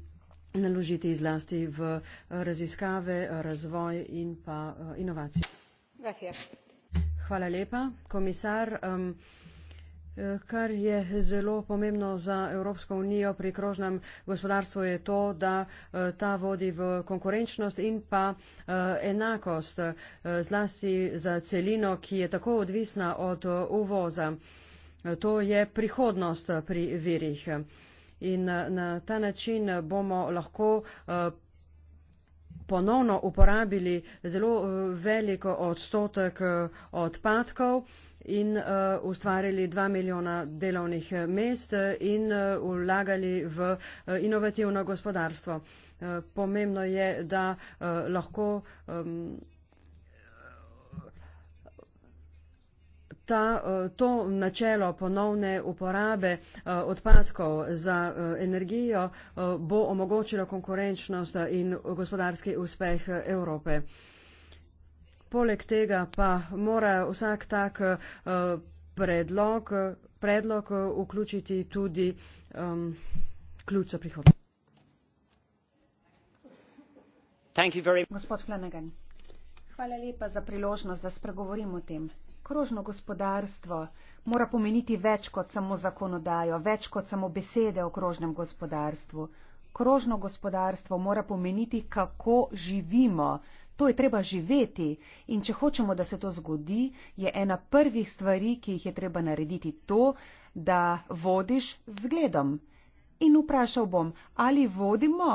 Speaker 3: naložiti zlasti v eh, raziskave, razvoj in pa eh, inovacije. Hvala lepa. Komisar, um, Eh, kar je zelo pomembno za Evropsko unijo pri krožnem gospodarstvu je to, da eh, ta vodi v konkurenčnost in pa eh, enakost zlasti za celino, ki je tako odvisna od uvoza. To je prihodnost pri virih. In na ta način bomo lahko ponovno uporabili zelo eh, velik odstotek eh, odpadkov in eh, ustvarili dva milijona delovnih mest in vlagali v inovativno gospodarstvo. Pomembno je, da lahko um, ta, eh, to načelo ponovne uporabe eh, odpadkov za eh, energijo bo omogočilo konkurenčnost in gospodarski uspeh Evrope. Poleg tega pa mora vsak tak predlog, predlog vključiti tudi
Speaker 4: um, ključ za prihodnost. Gospod Flanagan, hvala lepa za priložnost, da spregovorim o tem krožno gospodarstvo mora pomeniti več kot samo zakonodajo, več kot samo besede o krožnem gospodarstvu. Krožno gospodarstvo mora pomeniti, kako živimo. To je treba živeti in če hočemo, da se to zgodi, je ena prvih stvari, ki jih je treba narediti to, da vodiš z gledom. In vprašal bom, ali vodimo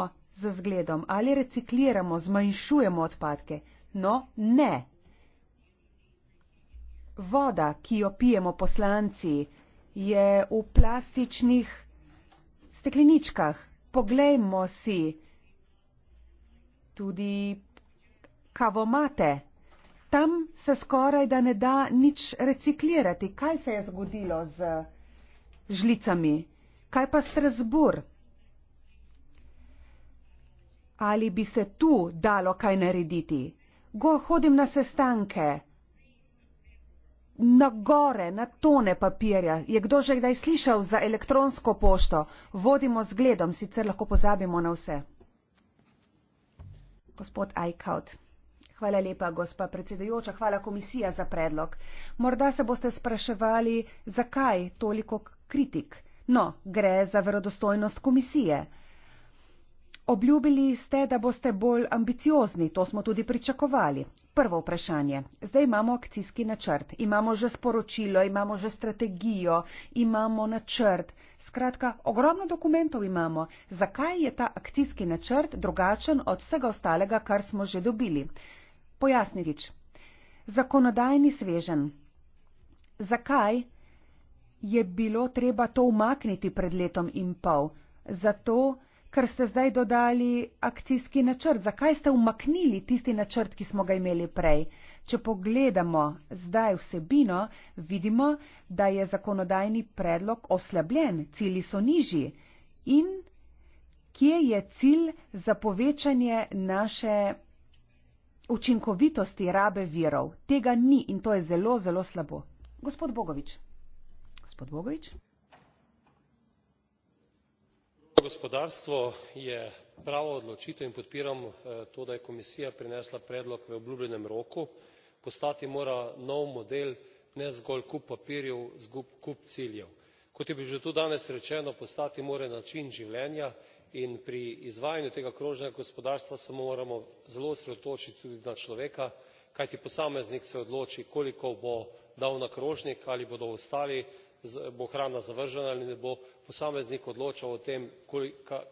Speaker 4: z gledom, ali recikliramo, zmanjšujemo odpadke. No, ne voda, ki jo pijemo poslanci, je v plastičnih stekleničkah. Poglejmo si tudi kavomate. Tam se skoraj da ne da nič reciklirati. Kaj se je zgodilo z žlicami? Kaj pa Strasbur? Ali bi se tu dalo kaj narediti? Go hodim na sestanke na gore na tone papirja je kdo že kdaj slišal za elektronsko pošto vodimo zgledom sicer lahko pozabimo na vse gospod Eichhout. Hvala lepa, gospa predsedujoča, hvala komisija za predlog. Morda se boste spraševali, zakaj toliko kritik. No, gre za verodostojnost komisije. Obljubili ste, da boste bolj ambiciozni, to smo tudi pričakovali. Prvo vprašanje. Zdaj imamo akcijski načrt, imamo že sporočilo, imamo že strategijo, imamo načrt. Skratka, ogromno dokumentov imamo. Zakaj je ta akcijski načrt drugačen od vsega ostalega, kar smo že dobili? Pojasnitič. Zakonodajni svežen. Zakaj je bilo treba to umakniti pred letom in pol? Zato, ker ste zdaj dodali akcijski načrt. Zakaj ste umaknili tisti načrt, ki smo ga imeli prej? Če pogledamo zdaj vsebino, vidimo, da je zakonodajni predlog oslabljen, cili so nižji. In kje je cilj za povečanje naše učinkovitosti rabe virov? Tega ni in to je zelo, zelo slabo. Gospod Bogovič. Gospod Bogovič
Speaker 1: gospodarstvo je prava odločitev in podpiram eh, to da je komisija prinesla predlog v obljubljenem roku postati mora nov model ne zgolj kup papirjev kup ciljev. kot je bilo že tu danes rečeno postati mora način življenja in pri izvajanju tega krožnega gospodarstva se moramo zelo osredotočiti tudi na človeka kajti posameznik se odloči koliko bo dal na krožnik ali bodo ostali bo hrana zavržena ali ne bo posameznik odločal o tem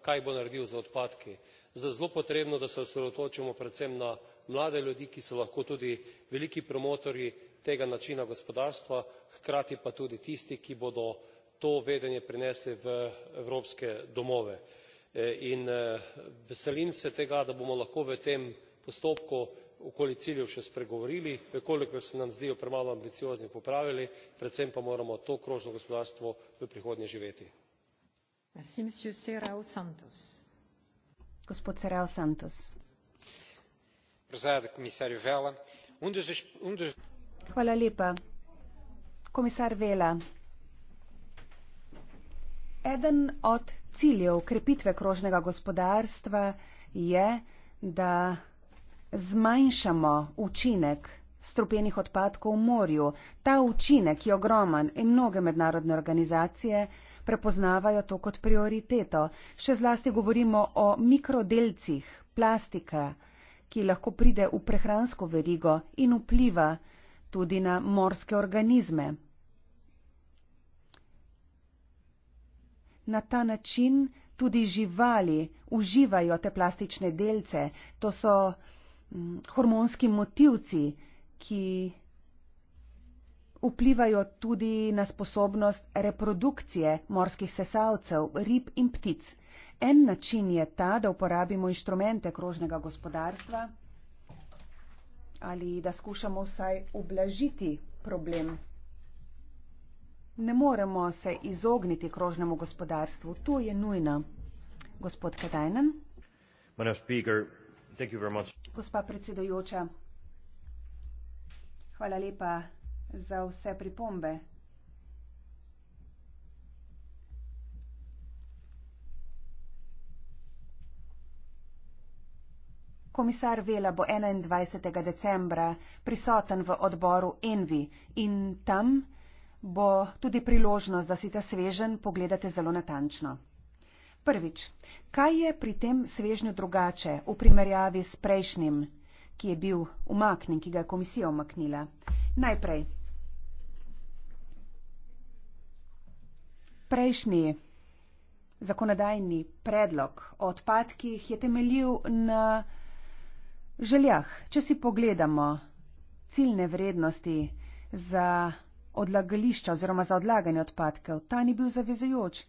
Speaker 1: kaj bo naredil z odpadki. zato je zelo potrebno da se osredotočimo predvsem na mlade ljudi ki so lahko tudi veliki promotorji tega načina gospodarstva hkrati pa tudi tisti ki bodo to vedenje prenesli v evropske domove. E, in e, veselim se tega da bomo lahko v tem postopku okoli ciljev še spregovorili v kolikor se nam zdijo premalo ambiciozni popravili predvsem pa moramo to krožno gospodarstvo v prihodnje živeti.
Speaker 4: hvala lepa komisar vela eden od ciljev krepitve krožnega gospodarstva je da zmanjšamo učinek strupenih odpadkov v morju. Ta učinek je ogroman in mnoge mednarodne organizacije prepoznavajo to kot prioriteto. Še zlasti govorimo o mikrodelcih plastike, ki lahko pride v prehransko verigo in vpliva tudi na morske organizme. Na ta način tudi živali uživajo te plastične delce. To so Mm, hormonski motivci, ki vplivajo tudi na sposobnost reprodukcije morskih sesalcev, rib in ptic. En način je ta, da uporabimo inštrumente krožnega gospodarstva ali da skušamo vsaj ublažiti problem. Ne moremo se izogniti krožnemu gospodarstvu. To je nujno. Gospod Kedajnen.
Speaker 1: Gospa
Speaker 4: predsedujoča, hvala lepa za vse pripombe. Komisar Vela bo 21. decembra prisoten v odboru Envi in tam bo tudi priložnost, da si ta svežen pogledate zelo natančno. Prvič, kaj je pri tem svežnju drugače v primerjavi s prejšnjim, ki je bil umaknjen, ki ga je komisija umaknila? Najprej. Prejšnji zakonodajni predlog o odpadkih je temeljil na željah. Če si pogledamo ciljne vrednosti za odlagališča oziroma za odlaganje odpadkov, ta ni bil zavezujoč.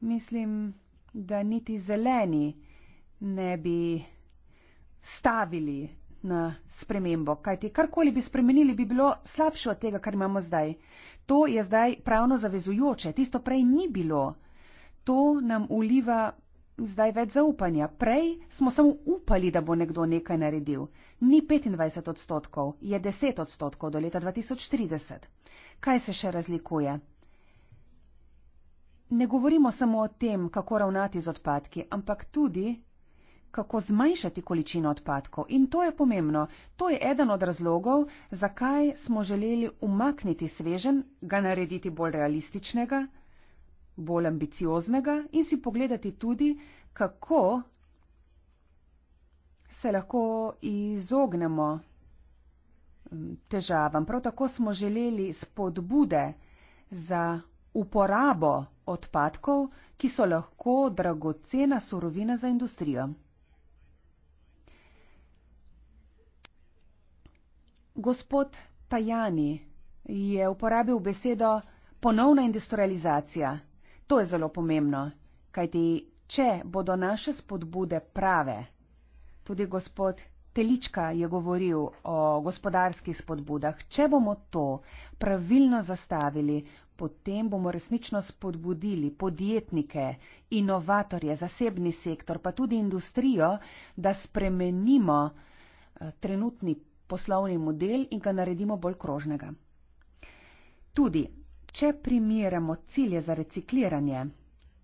Speaker 4: Mislim, da niti zeleni ne bi stavili na spremembo, kajti karkoli bi spremenili, bi bilo slabše od tega, kar imamo zdaj. To je zdaj pravno zavezujoče, tisto prej ni bilo. To nam uliva zdaj več zaupanja. Prej smo samo upali, da bo nekdo nekaj naredil. Ni 25 odstotkov, je 10 odstotkov do leta 2030. Kaj se še razlikuje? ne govorimo samo o tem, kako ravnati z odpadki, ampak tudi, kako zmanjšati količino odpadkov. In to je pomembno. To je eden od razlogov, zakaj smo želeli umakniti svežen, ga narediti bolj realističnega, bolj ambicioznega in si pogledati tudi, kako se lahko izognemo težavam. Prav tako smo želeli spodbude za uporabo odpadkov, ki so lahko dragocena surovina za industrijo. Gospod Tajani je uporabil besedo ponovna industrializacija. To je zelo pomembno, kajti če bodo naše spodbude prave, tudi gospod Telička je govoril o gospodarskih spodbudah, če bomo to pravilno zastavili, potem bomo resnično spodbudili podjetnike, inovatorje, zasebni sektor, pa tudi industrijo, da spremenimo eh, trenutni poslovni model in ga naredimo bolj krožnega. Tudi, če primiramo cilje za recikliranje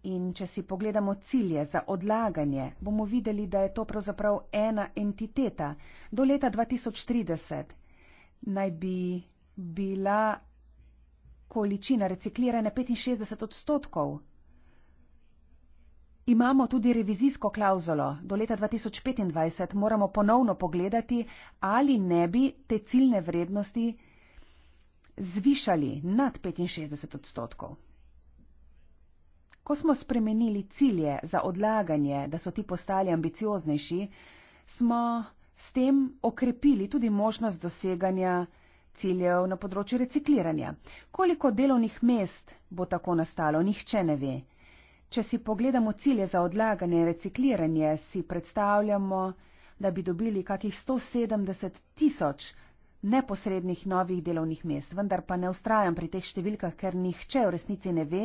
Speaker 4: in če si pogledamo cilje za odlaganje, bomo videli, da je to pravzaprav ena entiteta. Do leta 2030 naj bi bila količina reciklirane 65 odstotkov. Imamo tudi revizijsko klauzulo. Do leta 2025 moramo ponovno pogledati, ali ne bi te ciljne vrednosti zvišali nad 65 odstotkov. Ko smo spremenili cilje za odlaganje, da so ti postali ambicioznejši, smo s tem okrepili tudi možnost doseganja ciljev na področju recikliranja. Koliko delovnih mest bo tako nastalo, nihče ne ve. Če si pogledamo cilje za odlaganje in recikliranje, si predstavljamo, da bi dobili kakih 170 tisoč neposrednih novih delovnih mest, vendar pa ne ustrajam pri teh številkah, ker nihče v resnici ne ve,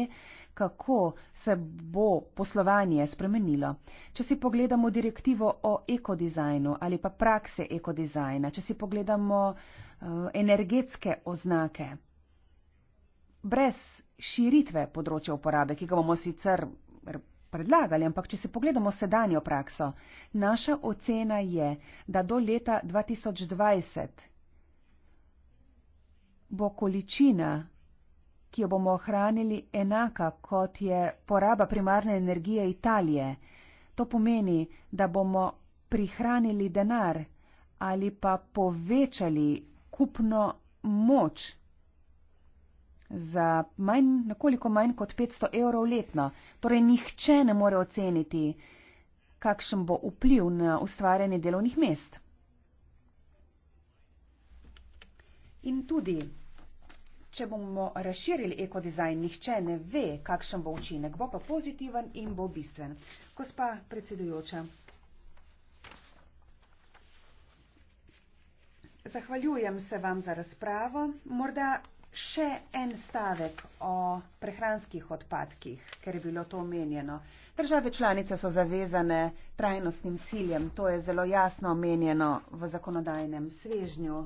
Speaker 4: kako se bo poslovanje spremenilo. Če si pogledamo direktivo o ekodizajnu ali pa prakse ekodizajna, če si pogledamo uh, energetske oznake, brez širitve področja uporabe, ki ga bomo sicer predlagali, ampak če si pogledamo sedanjo prakso, naša ocena je, da do leta 2020 bo količina, ki jo bomo ohranili, enaka kot je poraba primarne energije Italije. To pomeni, da bomo prihranili denar ali pa povečali kupno moč za manj, nekoliko manj kot 500 evrov letno. Torej, nihče ne more oceniti, kakšen bo vpliv na ustvarjanje delovnih mest. In tudi če bomo razširili ekodizajn, nihče ne ve, kakšen bo učinek. Bo pa pozitiven in bo bistven. Gospa predsedujoča. Zahvaljujem se vam za razpravo. Morda še en stavek o prehranskih odpadkih, ker je bilo to omenjeno. Države članice so zavezane trajnostnim ciljem. To je zelo jasno omenjeno v zakonodajnem svežnju.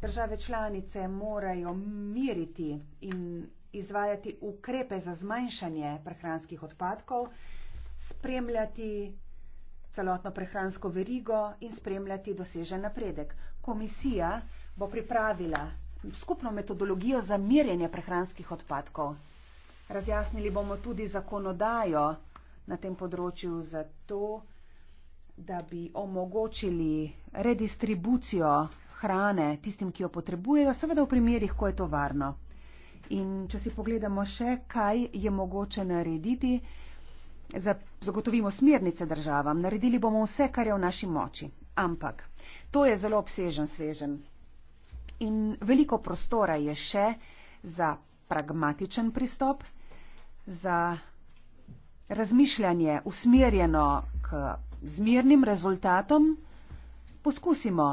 Speaker 4: Države članice morajo miriti in izvajati ukrepe za zmanjšanje prehranskih odpadkov, spremljati celotno prehransko verigo in spremljati dosežen napredek. Komisija bo pripravila skupno metodologijo za mirjenje prehranskih odpadkov. Razjasnili bomo tudi zakonodajo na tem področju za to, da bi omogočili redistribucijo hrane tistim, ki jo potrebujejo, seveda v primerih, ko je to varno. In če si pogledamo še, kaj je mogoče narediti, zagotovimo smernice državam, naredili bomo vse, kar je v naši moči. Ampak to je zelo obsežen svežen. In veliko prostora je še za pragmatičen pristop, za razmišljanje usmerjeno k zmirnim rezultatom. Poskusimo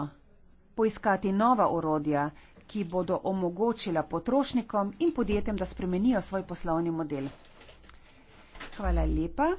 Speaker 4: poiskati nova orodja, ki bodo omogočila potrošnikom in podjetjem, da spremenijo svoj poslovni model. Hvala lepa.